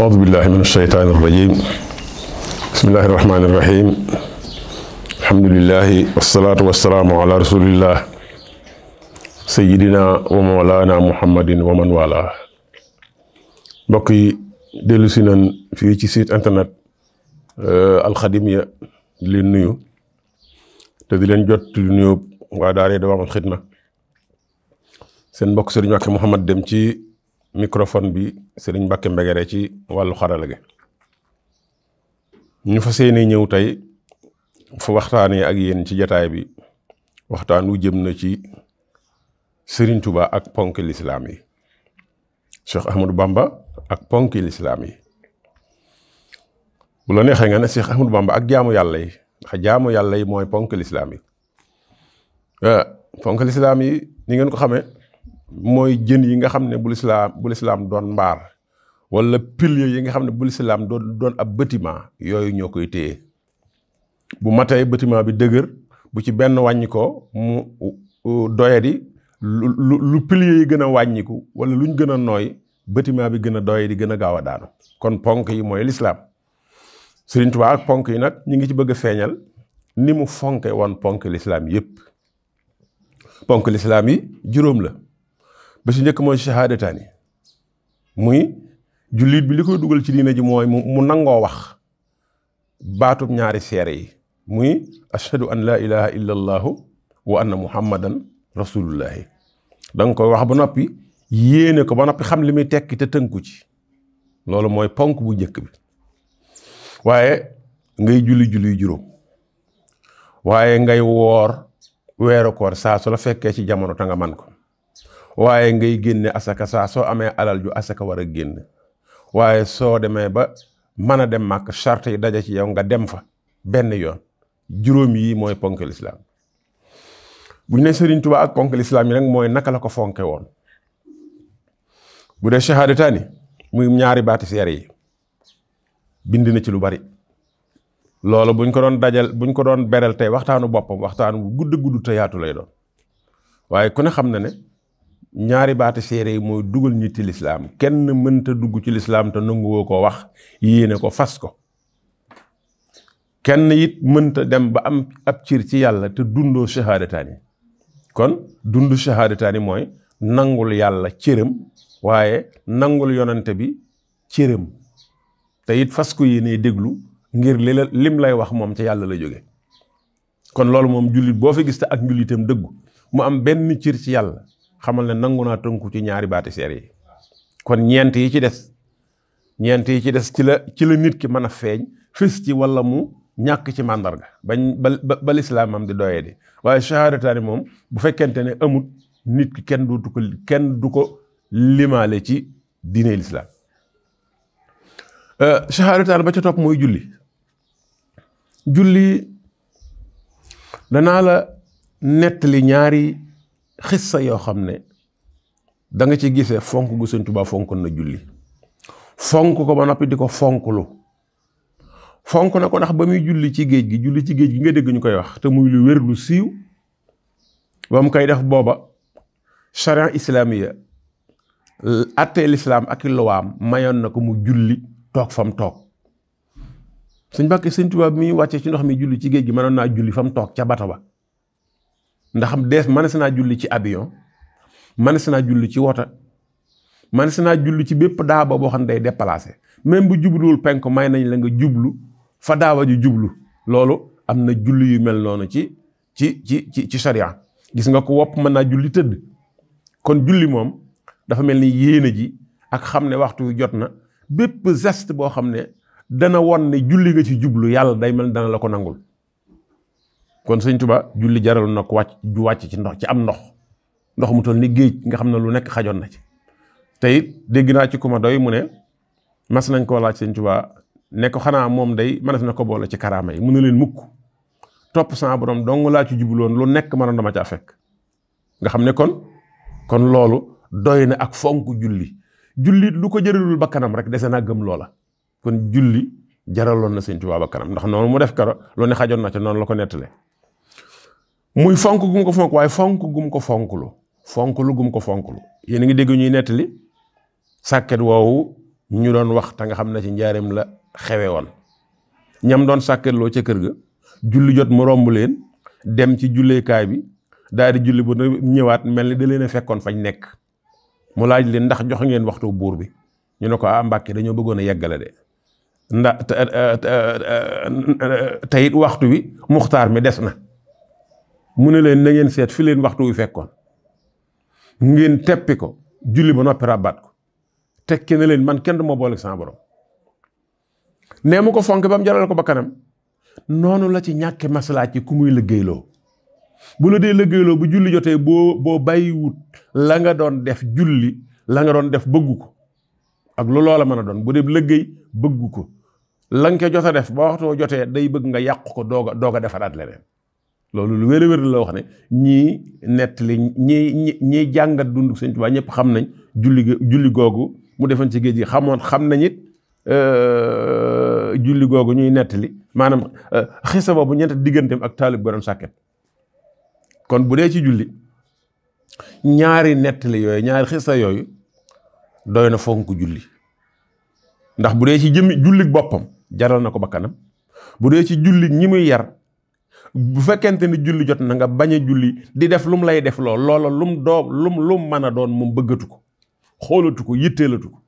أعوذ بالله من الشيطان الرجيم بسم الله الرحمن الرحيم الحمد لله والصلاة والسلام على رسول الله سيدنا ومولانا محمد ومن والاه mbokk yi dellu si nañ fii ci site internet alxadimiya di leen nuyu te di leen jot lu nuyoo waa daara Dawahibul Xidma seen mbokk Serigne Mbacke Mouhamad dem ci microfone bi Serigne Mbacke Mbegere ci wàllu xarala ñu fa yéene ñëw tey fa waxtaanee ak yéen ci jataay bi waxtaan wu jëm na ci sëriñ tubaa ak ponk lislaam yi Cheikh Ahmadou Bamba ak ponk lislaam yi bu la neexee nga ne Cheikh Ahmadou Bamba ak jaamu yàlla yi. ndax jaamu yàlla yi mooy ponk lislaam yi eh, ponk lislaam yi ni ngeen ko xame mooy jën yi nga xam ne bu lislaam bu lislaam doon mbaar wala piliers yi nga xam ne bu lislaam doon doon ab bâtiment yooyu ñoo koy téye bu matee bâtiment bi dëgër bu ci benn wàññikoo ko mu doyadi lu lu piliers yi gën a wàññiku wala luñ gën a nooy bâtiment bi gën a doyadi gën a gaaw a daanu kon ponk yi mooy lislaam Sëriñ Tuubaa ak ponk yi nag ñu ngi ci bëgg feeñal ni mu fonke woon ponk lislaam yépp ponk lislaam yi juróom la ba si njëkk mooy shahaadataani muy jullit bi li koy dugal ci diina ji mooy mu nangoo wax baatu ñaari seere yi muy ashhadu an laa ilaha illa allahu wa anna muhammadan rasulullahi da nga koy wax ba noppi yéene ko ba noppi xam li muy tekki te tënku ci loolu mooy ponk bu njëkk bi waaye ngay julli julli juróom waaye ngay woor weeru saa su la fekkee ci jamono ta nga man ko waaye ngay génne asaka saa soo amee alal ju asaka war a génn waaye soo demee ba mën a dem màkk charte yi daje ci yow nga dem fa benn yoon juróom yi mooy ponk lislaam bu ñu ne Serigne Touba ak ponk lislaam yi nag mooy naka la ko fonke woon bu dee shahadataani muy ñaari baati seere yi bind na ci lu bari loolu buñ ko doon dajal buñ ko doon beral tey waxtaanu boppam waxtaanu bu gudd gudd te lay doon waaye ku ne xam na ne ñaari baati séeré yi mooy dugal ñu ci lislaam kenn mënta dugg ci lislaam te nanguwoo ko wax yéene ko fas ko kenn it mënta dem ba am ab cir ci yàlla te dundoo shahaadataani kon dundu shahaadataani mooy nangul yàlla cëram waaye nangul yonante bi cëram te it fas ko yéenee déglu ngir li lim lay wax moom ca yàlla la jóge kon loolu moom jullit boo fi gis te ak njullitam dëggu mu am benn cir ci yàlla xamal ne nangu naa tënku ci ñaari baati seer yi kon ñeent yi ci des ñeent yi ci des ci la ci la nit ki mën a feeñ fis ci walla mu ñàkk ci màndarga bañ ba ba lislaam di doyee di waaye shahadataani moom bu fekkente ne amut nit ki kenn du ko limaale ci diine lislaam shahaadat euh, ba ca topp mooy julli julli danaa la nettali ñaari xis xissa yoo xam ne danga ci gisee fonk gu Sëñ Tuubaa fonkoon na julli fonk ko ba noppi di ko fonklu fonk na ko ndax ba muy julli ci géej gi julli ci géej gi nga dégg ñu koy wax te muy lu wér lu siiw ba mu koy def booba charia islamiya attee lislaam ak i luwaam mayoon na ko mu julli toog fa mu toog sëñ Mbàkke sëñ Tuubaa mi wàccee ci ndox mi julli ci géej gi mënoon naa julli fa toog ca bata ba ndax dees mënees naa julli ci abiyon mënees naa julli ci wota mënees naa julli ci bépp daaba boo xam ne day déplacé même bu jubluwul penk may nañ la nga jublu fa daaba ju jublu loolu am na julli yu mel noonu ci ci ci ci ci sariya gis nga ko wopp mën naa julli tëdd kon julli moom dafa mel ni yéene ji ak xam ne waxtu jot na bépp geste boo xam ne dana won ne julli nga ci jublu yàlla day mel dana la ko nangul kon sëñ Tuba julli jaral na ko wàcc ju wàcc ci ndox ci am ndox ndox mu toll ni géej nga xam ne lu nekk xajoon na ci te dégg naa ci kuma doy mu ne mas nañ koo laaj sëñ Tuba ne xanaa moom day mënees na ko boole ci karaama yi mu ne leen mukk topp sama borom dong laa ci jublu lu nekk mënoon dama caa fekk nga xam ne kon kon loolu doy na ak fonk julli jullit lu ko jëralul bakkanam rek dese naa gëm loola kon julli jaraloon na sëñ Tuubaa bakkanam ndax noonu mu def karo loo xajoon na ca noonu la ko nettalee muy fonk gum ko fonk waaye fonk gum ko fonklu fonklu gum ko fonklu yéen a ngi dégg ñuy nettali sàkket woowu ñu doon wax tanga xam ne ci njaareem la xewe woon ñam doon sàkketloo ca kër ga julli jot mu romb leen dem ci julleekaay bi daal di julli bu ñëwaat mel ni da leen a fekkoon fañ nekk mu laaj leen ndax jox ngeen waxtu buur bi ñu ne ko ah mbakki dañoo bëggoon a yeggale de ndax waxtu wi muxtaar mi des na mu ne leen na ngeen seet fi leen waxtu wi fekkoon ngeen teppi ko julli ba noppi rabaat ko tekki na leen man kenn du ma booleeg sama borom nee mu ko fonk ba mu jaral ko ba kanam noonu la ci ñàkk maslaa ci ku muy liggéeyloo bu la dee liggéeyloo bu julli jotee boo boo bàyyiwut la nga doon def julli la nga doon def bëggu ko ak lu loola mën a doon bu dee liggéey bëggu ko la nga ko jot a def ba waxtoo jotee day bëgg nga yàq ko doog a doog a defaraat leneen loolu lu wér a wér la wax ne ñii nettali ñii ñii jàngat dundu Sëñ Tuubaa ñëpp xam nañ julli julli googu mu defoon ci géej gi xamoon xam nañ it euh, julli googu ñuy nettali maanaam euh, xisa boobu ñeent digganteem ak taalib borom sàkket kon bu dee ci julli ñaari nettali yooyu ñaari xista yooyu doy na fonk julli ndax bu dee ci jëmmi jullik boppam jaral na ko bakkanam bu dee ci julli ñi muy yar bu fekkente ni julli jot na nga bañ a julli di def lum lay def lool loola lum doom lum lum mën a doon moom bëggatu ko xoolatu ko yitteelatu ko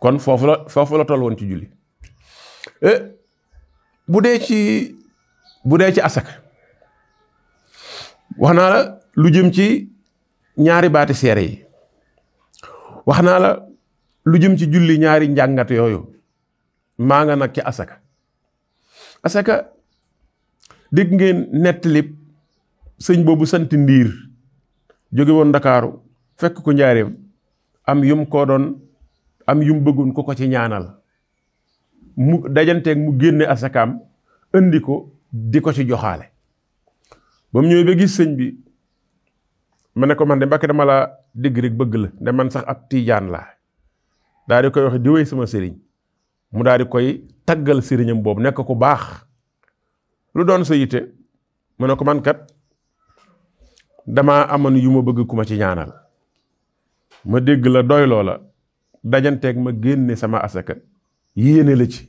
kon foofu la foofu la toll woon ci julli eh, bu dee ci bu dee ci asaka wax naa la lu jëm ci ñaari baati yi wax naa la lu jëm ci julli ñaari njàngat yooyu maa nga nag ci asaka asaka dégg ngeen nettalib sëñ boobu sant ndiir jóge woon ndakaaru fekk ko njaareem am yum koo doon am yum bëggoon ko ko ci ñaanal mu dajanteek mu génne asakaam indi ko di ko ci joxaale ba mu ñëwee ba gis sëñ bi ma ne ko man de mbàkke dama laa dégg rek bëgg la ne man sax ab tiijaan laa daal di koy wax di wéy sama sëriñ mu daal di koy taggal sëriñam boobu nekk ku baax lu doon sa yitte mu ne ko man kat damaa amoon yu ma bëgg ku ma ci ñaanal ma dégg la doyloo la dajanteeg ma génne sama asaka yéene la ci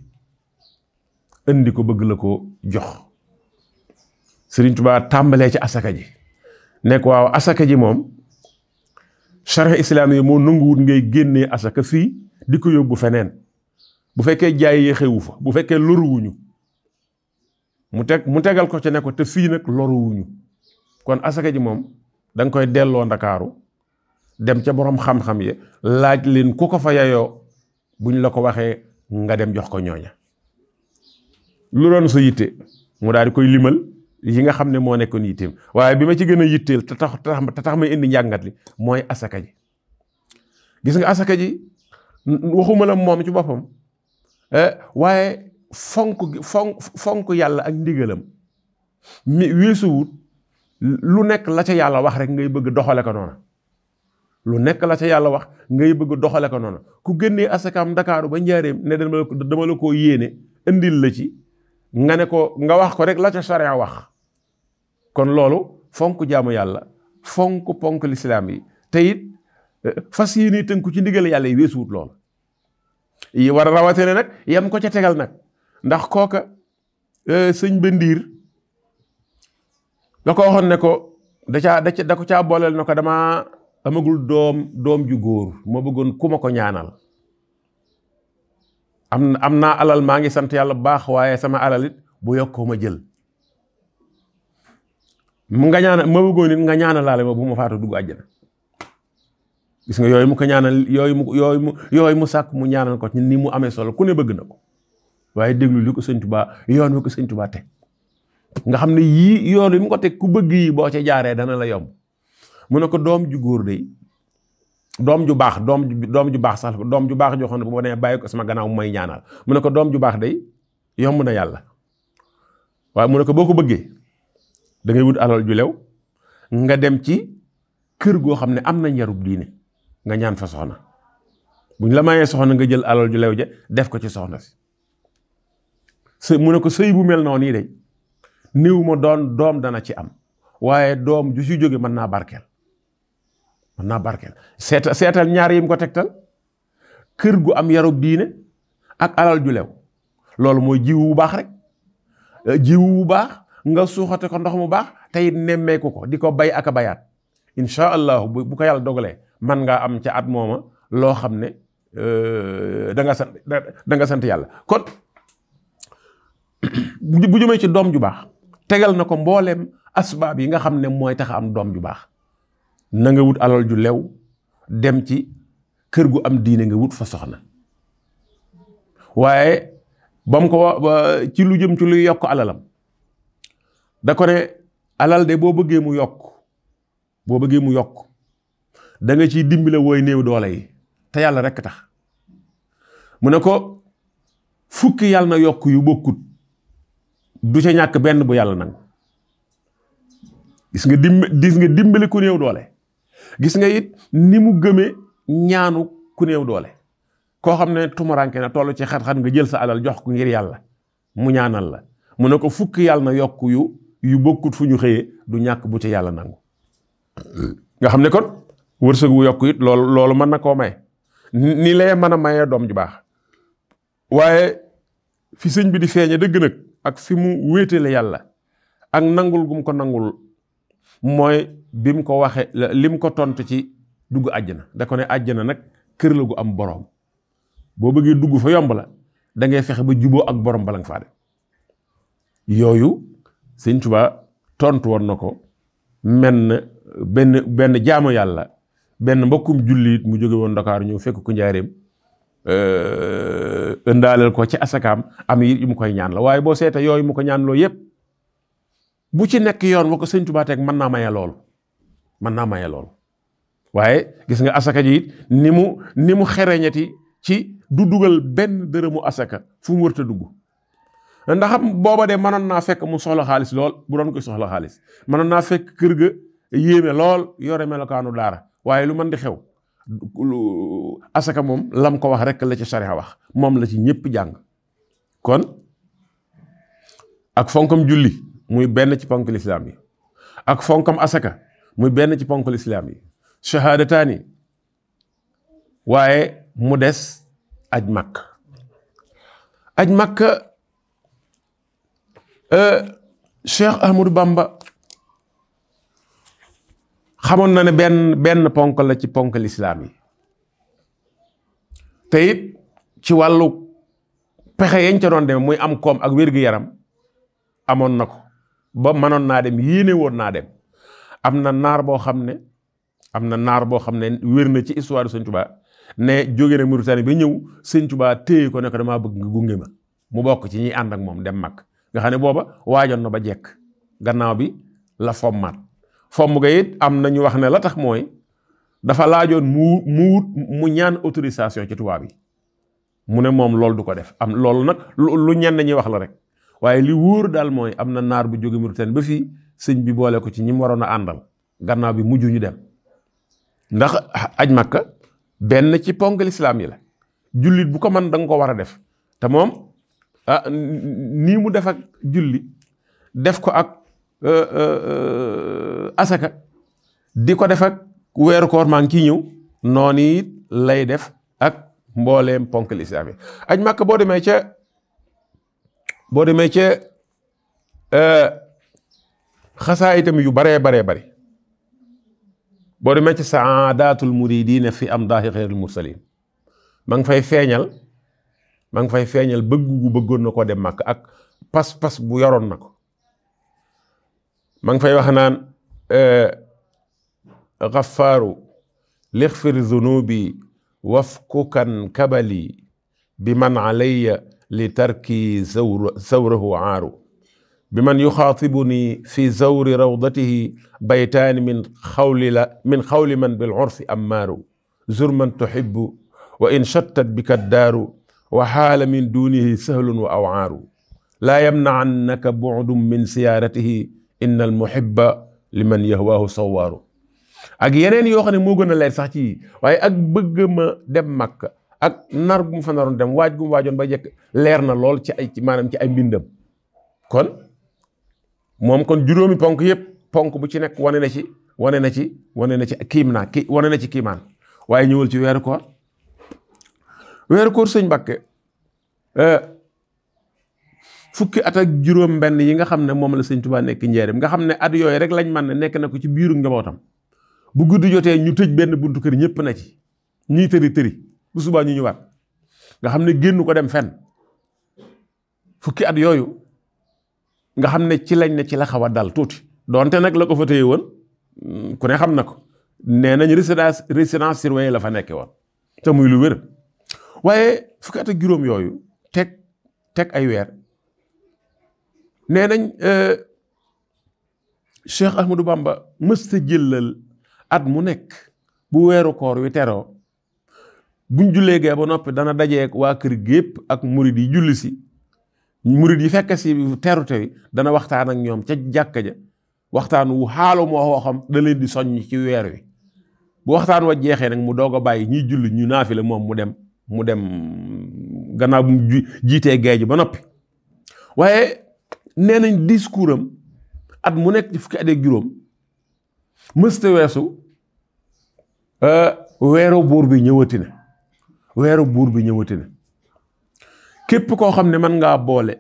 indi ko bëgg la ko jox Sëriñ Tuubaa tàmbalee ci asaka ji nekk waaw asaka ji moom charia islaam yi moo nanguwut ngay génnee asaka fii di ko yóbbu feneen bu fekkee jaay yee xewu fa bu fekkee loruwuñu mu teg mu tegal ko ci ne ko te fii nag loruwuñu kon asaka ji moom danga koy delloo ndakaaru dem ca boroom xam-xam yi laaj leen ku ko fa yayoo buñ la ko waxee nga dem jox ko ñooña lu doon sa mu daal di koy limal yi nga xam ne moo nekkoon yitteem waaye bi ma ci gën a yitteel te tax te tax may indi njàngat li mooy asaka gis nga asaka ji waxuma la moom ci boppam eh, waaye fonk fonk yàlla ak ndigalam mi weesuwut lu nekk la ca yàlla wax rek ngay bëgg doxale ko noona lu nekk la ca yàlla wax ngay bëgg doxale ko noona ku génnee asakaam ndakaaru ba njaareem ne dama la ko dama la yéene indil la ci nga ne ko nga wax ko rek la ca charia wax kon loolu fonk jaamu yàlla fonk ponk lislaam yi te it eh, fas yéene tënku ci ndigal yàlla yi weesuwut loolu yi war a rawatene nag yam ko ca tegal nag ndax kooka eh, sëñ Bendiir da ko waxoon ne ko da caa da caa booleel na ko damaa amagul doom doom ju góor ma bëggoon ku ma ko ñaanal am am naa alal maa ngi sant yàlla bu baax waaye sama alalit bu yokkoo ma jël mu nga ñaana ma bëggoon nit nga ñaana ma bu ma faatu dugg àjjana gis nga yooyu mu ko ñaanal yooyu mu yooyu mu sàkk mu ñaanal ko nii mu amee solo ku ne bëgg na ko waaye déglu li ko sëñ Tuubaa yoon wi ko sëñ Tuubaa teg nga xam ne yii yoon wi mu teg ku bëgg yi boo ca jaaree dana la yomb mu ne ko doom ju góor doom ju baax doom doom ju baax sax doom ju baax joxoon bu ma nee bàyyi ko sama gannaaw mu may ñaanal mu ne ko doom ju baax day yomb na yàlla waaye mu ne ko boo ko bëggee da ngay wut alal ju lew nga dem ci kër goo xam ne am na yarub diine nga ñaan fa soxna buñ la mayee soxna nga jël alal ju lew ja def ko ci soxna si sëy mu ne ko sëy bu mel noonu yi day néew ma doon doom dana ci am waaye doom ju si jóge mën naa barkeel mën naa barkeel seet seetal ñaar yim ko tegtal kër gu am yarub diine ak alal ju lew loolu mooy jiwu bu baax rek euh, jiwu bu baax nga suuxate ko ndox mu baax tey nemmeeku ko di ko bay ak bayaat incha allah bu ko yàlla dogalee man ngaa am ca at mooma loo xam ne euh, da nga sant da nga sant yàlla kon bu jëmee ci doom ju baax tegal na ko mbooleem asbaab yi nga xam ne mooy tax am doom ju baax na nga wut alal ju lew dem ci kër gu am diine nga wut fa soxna waaye ba mu ko ci lu jëm ci luy yokk alalam da ko ne alal de boo bëggee mu yokk boo bëggee mu yokk danga ciy dimbale wooy néew doole yi te yàlla rekk tax mu ne ko fukki yàlla na yokk yu bokkut du ca ñàkk benn bu yàlla nang gis nga dimb gis nga dimbale ku néew doole gis nga it ni mu gëmee ñaanu ku néew doole koo xam ne tumuranke na toll ci xat-xat nga jël sa alal jox ko ngir yàlla mu ñaanal la mu ne ko fukk yàlla na yokk yu yu bokkut fu ñu xëyee du ñàkk bu ci yàlla nangu nga xam ne kon wërsëg wu yokk it loolu loolu mën na koo may ni lay mën a mayee doom ju baax waaye fi sëñ bi di feeñe dëgg nag ak fi mu wéetale yàlla ak nangul gum ko nangul mooy bi mu ko waxee li mu ko tontu ci dugg àjjana da ko ne àjjana nag kër la gu am borom boo bëggee dugg fa yomb la da fexe ba juboo ak boroom bala faa dem yooyu sëñ Tuubaa tontu woon na ko menn benn benn jaamu yàlla benn mbokkum jullit mu jóge woon Ndakaaru ñëw fekk ku njaareem euh, ëndaaleel ko ci asakaam am yi mu koy ñaan la waaye boo seetee yooyu mu ko ñaan loo yépp bu ci nekk yoon wa ko sëñ Tuubaa teg mën naa maye loolu mën naa maye loolu waaye gis nga asaka ji it ni mu ni mu xereñati ci du dugal benn dërëmu asaka fu mu wërta dugg ndax booba de noon naa fekk mu soxla xaalis lool bu doon koy soxla xaalis mënoon naa fekk kër ga yéeme lool yore melokaanu daara waaye lu mën di xew asaka moom lam ko wax rek la ci a wax moom la ci ñëpp jàng kon ak fonkam julli muy benn ci ponk lislaam yi ak fonkam asaka muy benn ci ponk lislaam yi shahaadataani waaye mu des aj màkk aj màkk euh, Cheikh Ahmadou Bamba xamoon na ne benn benn ponk la ci ponk lislaam yi te ci wàllu pexe yañ ca doon demee muy am koom ak wér-gu-yaram amoon na ko ba mënoon naa dem yéene woon naa dem am na naar boo xam ne am na naar boo xam ne wér na ci histoire Sëñ Touba ne jóge na Mauritanie ba ñëw Sëñ Touba téye ko nekk damaa bëgg nga gunge ma mu bokk ci ñiy ànd ak moom dem mag nga xam ne booba waajoon na ba jekk gannaaw bi la fommaat fomm ga it am na ñu wax ne la tax mooy dafa laajoon mu mu wut mu ñaan autorisation ci tubaab yi mu ne moom loolu du ko def am loolu nag lu ñenn ñi wax la rek waaye li wóor daal mooy am na naar bu jóge Mauritanie ba fii sëñ bi boolee ko ci ñi mu waroon a àndal gannaaw bi mujj ñu dem ndax aj makka benn ci ponk lislaam yi la jullit bu ko man danga nga ko war a def te moom ah nii mu def ak julli def ko ak euh, euh, euh, asaka di ko def ak weeru koor maa ngi ciy ñëw noonu it lay def ak mbooleem ponk lislaam yi aj makka boo demee ca boo demee ca euh, xasaa itam yu baree baree bari boo demee ca saadatul muridina fi am daa xeyril mursalin ma ngi fay feeñal ma ngi fay feeñal bëgg gu bëggoon na ko dem màkk ak pas-pas bu yoroon na ko ma ngi fay wax naan xafaaru euh, lixfir zunubi wafkukan kabali bi man alayya li tarki zawr zawrahu aaru bi man yuxaatibuni fi zawri rawdatihi baytaani min xawli la min xawli man bil urfi ammaaru zur man tuxibbu wa in shattat bika ddaaru wa xaala min duunihi sahlun wa awaaru laa yamnacannaka bucdun min siyaaratihi inna almuhibba liman yahwaahu sawaaru ak yeneen yoo xam ne moo gën a leer sax ci waaye ak bëgg ma dem Makka ak nar bu mu fa naroon dem waaj gu mu waajoon ba jekk leer na lool ci ay ci maanaam ci ay mbindam kon moom kon juróomi ponk yëpp ponk bu ci nekk wane na ci wane na ci wane na ci kiim naa ki wane na ci kiimaan waaye ñëwal ci weeru koor weeru koor sëñ Mbàkke euh, fukki at ak juróom mbenn yi nga xam ne moom la sëñ Tuubaa nekk njëriñ nga xam ne at yooyu rek lañ man ne nekk na ko ci biiru njabootam bu guddi jotee ñu tëj benn buntu kër ñëpp na ci ñuy tëri tëri bu subaa ñu ñëwaat nga xam ne génn ko dem fen fukki at yooyu nga xam ne ci lañ ne ci la xaw a dal tuuti. donte nag la ko fa téye woon mm, ku ne xam na ko nee nañ résidence résidence surveillée la fa nekke woon te muy lu wér waaye fukki at ak juróom yooyu teg teg ay weer nee nañ. Euh, Cheikh Ahmadou Bamba mës ta jëlal at mu nekk bu weeru koor wi teroo buñ jullee gee ba noppi dana dajeek waa kër gépp ak murid yi julli si murid yi fekk si terute yi dana waxtaan ak ñoom ca jàkka ja waxtaan wu xaalu moo woo da leen di soññ ci weer wi bu waxtaan wa jeexee nag mu doog a bàyyi ñuy julli ñu naafile moom mu dem mu dem gannaaw jiitee gay ji ba noppi waaye nee nañ discours am at mu nekk ci fukki at ak juróom mësta weesu euh, weeru buur bi ñëwati weeru buur bi ñëwati na képp koo xam ne mën ngaa boole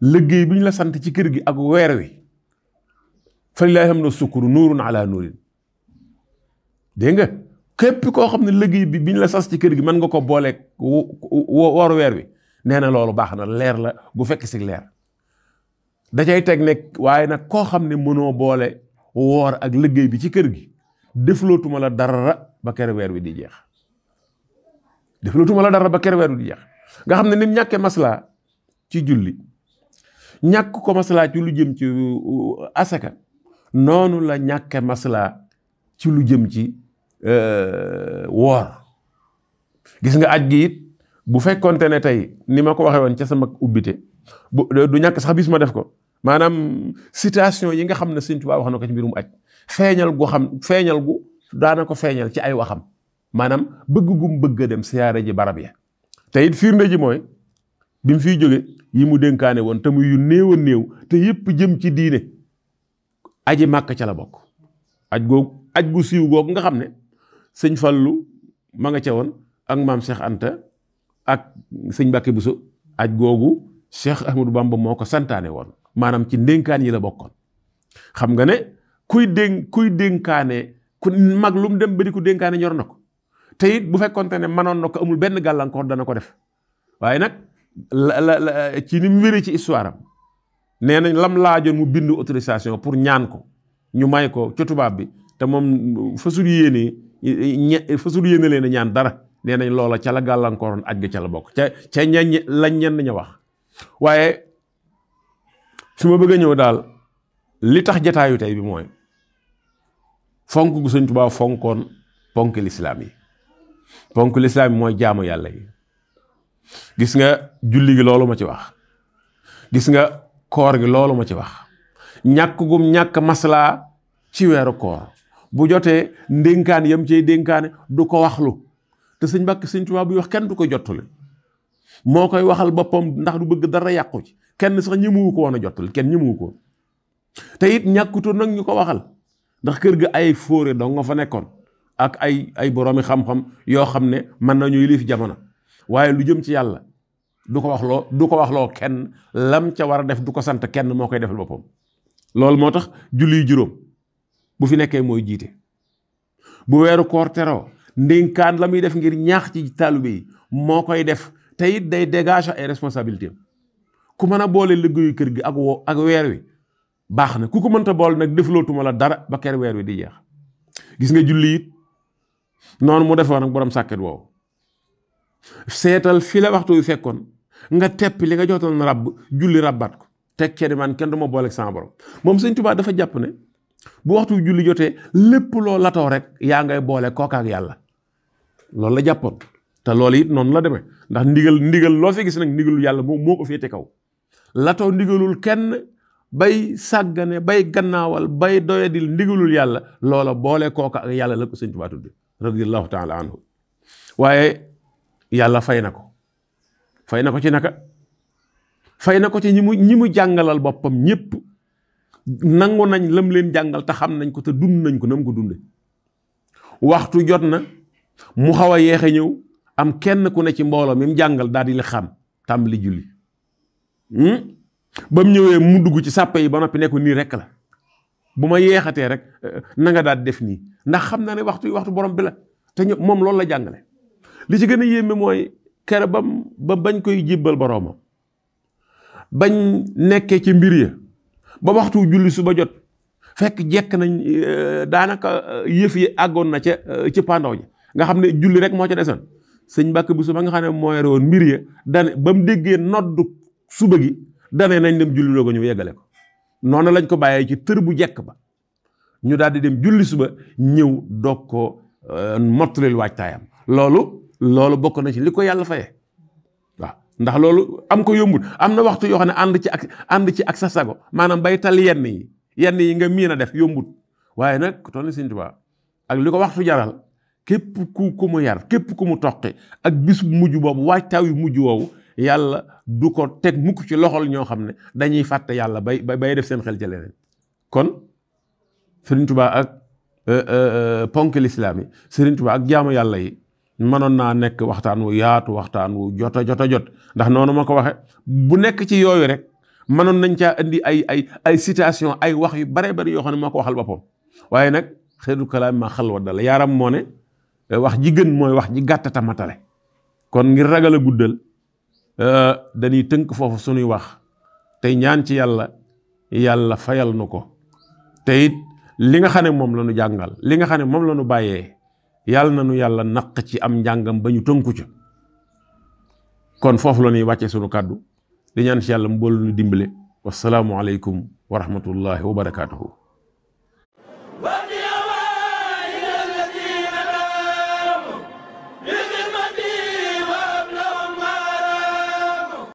liggéey bi ñu la sant ci kër gi ak weer wi fa lillaahi hamdu sukuru nuurun ala nuurin dégg nga képp koo xam ne liggéey bi bi ñu la sas ci kër gi mën nga ko boole woor weer wi nee na loolu baax na leer la bu fekk si leer da teg ne waaye nag koo xam ne mënoo boole woor ak liggéey bi ci kër gi deflootuma la dara ba kere weer wi di jeex defalatuma la dara ba ker weer di jeex nga xam ne ni mu ñàkkee maslaa ci julli ñàkk ko maslaa ci lu jëm ci euh, euh, asaka noonu la ñàkke maslaa ci lu jëm ci euh, woor gis nga aj gi it bu fekkonte ne tey ni ma ko waxee woon ca sama ubbite bu du ñàkk sax bis ma def ko maanaam citation yi nga xam ne Sëñ Tuubaa wax na ko ci mbirum aj feeñal gu xam feeñal gu daana ko feeñal ci ay waxam maanaam bëgg gum bëgg a dem siyaare ji barab ya te it firnde ji mooy bi mu fiy jóge yi mu dénkaane woon te muy yu néew a néew te yépp jëm ci diine aji màkk ca la bokk aj googu aj gu siiw googu nga xam ne sëñ Fallu ma nga ca woon ak maam Cheikh Anta ak sëñ bu Buso aj googu Cheikh Ahmadou Bamba moo ko santaane woon maanaam ci ndénkaan yi la bokkoon xam nga ne kuy dénk kuy dénkaane ku mag lu mu dem ba di ko dénkaane ñor na ko te it bu fekkonte ne mënoon na ko amul benn gàllankoor dana ko def waaye nag la la ci ni mu ci histoire am nee nañ lam laajoon mu bind autorisation pour ñaan ko ñu may ko ca tubaab bi te moom fasul yéenee ñe fasul yéene leen ñaan dara nee nañ loola ca la gàllankooroon aj ga ca la bokk ca ca ñañ lañ ñenn ña wax waaye fi ma bëgg ñëw daal li tax jataayu tey bi mooy fonk gu sëñ Tuubaa fonkoon ponk lislaam yi ponk lislaam mooy jaamu yàlla yi gis nga julli gi loolu ma ci wax gis nga koor gi loolu ma ci wax ñàkk gum ñàkk maslaa ci weeru koor bu jotee ndénkaan yam cey dénkaane du ko waxlu te sëñ Mbàkke sëñ Tuubaa buy wax kenn du ko jottali moo koy waxal boppam ndax du bëgg dara yàqu ci kenn sax ñëmuwu ko a jottali kenn ñimuwu ko te it ñàkkutoon nag ñu ko waxal ndax kër gi ay fóore dong nga fa nekkoon ak ay ay boroomi xam-xam yoo xam ne mën nañu yilif jamono waaye lu jëm ci yàlla du ko wax loo du ko wax loo kenn lam ca war a def du ko sant kenn moo koy defal boppam. loolu moo tax julli juróom bu fi nekkee mooy jiite bu weeru koor teroo ndinkaan la muy def ngir ñaax ci taalibe yi moo koy def te it day dégager ay responsabilités ku mën a boole liggéeyu kër gi ak ak weer wi baax na ku ko mënta bool nag deflootuma la dara ba ker weer wi di jeex noonu mu defoon ak borom sàkket woowu seetal fi la waxtu yu fekkoon nga tepp li nga jotoon rabb julli rabbaat ko te cee man kenn du ma booleeg sama borom moom sëñ Tuubaa dafa jàpp ne bu waxtu julli jotee lépp loo latoo rek yaa ngay boole kookaak yàlla loolu la jàppoon te loolu it noonu la demee ndax ndigal ndigal loo fi gis nag ndigalul yàlla moom moo ko féete kaw latoo ndigalul kenn bay sàggane bay gannaawal bay doyadil ndigalul yàlla loola boole kooka yàlla la ko sëñ radiallahu taala anhu waaye yàlla fay na ko fay na ko ci naka fay na ko ci ñi mu ñi mu jàngalal boppam ñépp nangu nañ lam leen jàngal te xam nañ ko te dund nañ ko nam ko dunde waxtu jot na mu xaw a yeexe ñëw am kenn ku ne ci mbooloo mi mu jàngal daal di li xam tàmbali julli hmm? ba mu ñëwee mu dugg ci sàppe yi ba noppi nekku nii rekk la bu ma yeexatee rek euh, na nga daal def nii ndax xam naa ne waxtu waxtu borom bi la te ñoom moom loolu la jàngale. li ci gën a yéeme mooy kere bam ba bañ koy jibbal boroomam bañ nekkee ci mbir ya ba waxtu julli suba jot fekk jekk nañ euh, daanaka euh, yëf yi àggoon na ca ci pandaw ji nga xam ne julli rek moo ca desoon suñ Mbàkke bu suba nga xam ne mooy yore woon mbir ya dane ba mu déggee noddu suba gi dane nañ dem julli doo ko ñëw yeggale ko noonu lañ ko bàyyee ci tër bu jekk ba ñu daal di dem julli ba ñëw doog ko euh, mottalil waajtaayam loolu loolu bokk na ci li ko yàlla fayee waaw ndax loolu am ko yombut am na waxtu yoo xam ne ànd ci ak ànd ci ak sa sago maanaam bay tal yenn yi yenn yi nga miin a def yombut waaye nag ku toll ni ak li ko waxtu jaral képp ku ku mu yar képp ku mu toqi ak bis mujj boobu waajtaaw yu mujj woowu yàlla du ko teg mukk ci loxol ñoo xam ne dañuy fàtte yàlla bay bay def seen xel ci leneen kon Sëriñ Tuubaa ak euh, euh, ponk lislaam yi Sëriñ Tuubaa ak jaamu yàlla yi mënoon naa nekk waxtaan wu yaatu waxtaan wu jot a jot a jot ndax noonu ma ko waxe bu nekk ci yooyu rek mënoon nañ caa indi ay ay ay citation ay wax yu bare bari yoo xam ne moo ko waxal boppam waaye nag xeetu kalaam ma xal wa dala yaaram moo ne wax ji gën mooy wax ji gàtt tamatale kon ngir ragal Euh, dañuy tënk foofu suñuy wax tey ñaan ci yàlla yàlla fayal nu ko te it li nga xam ne moom la nu jàngal li nga xam ne moom la nu bàyyee yàlla na nu yàlla naq ci am njàngam ba ñu tënku ca kon foofu la ñuy wàccee sunu kàddu li ñaan ci yàlla mu boolu nu dimbale wasalaamualeykum wa rahmatullahi wa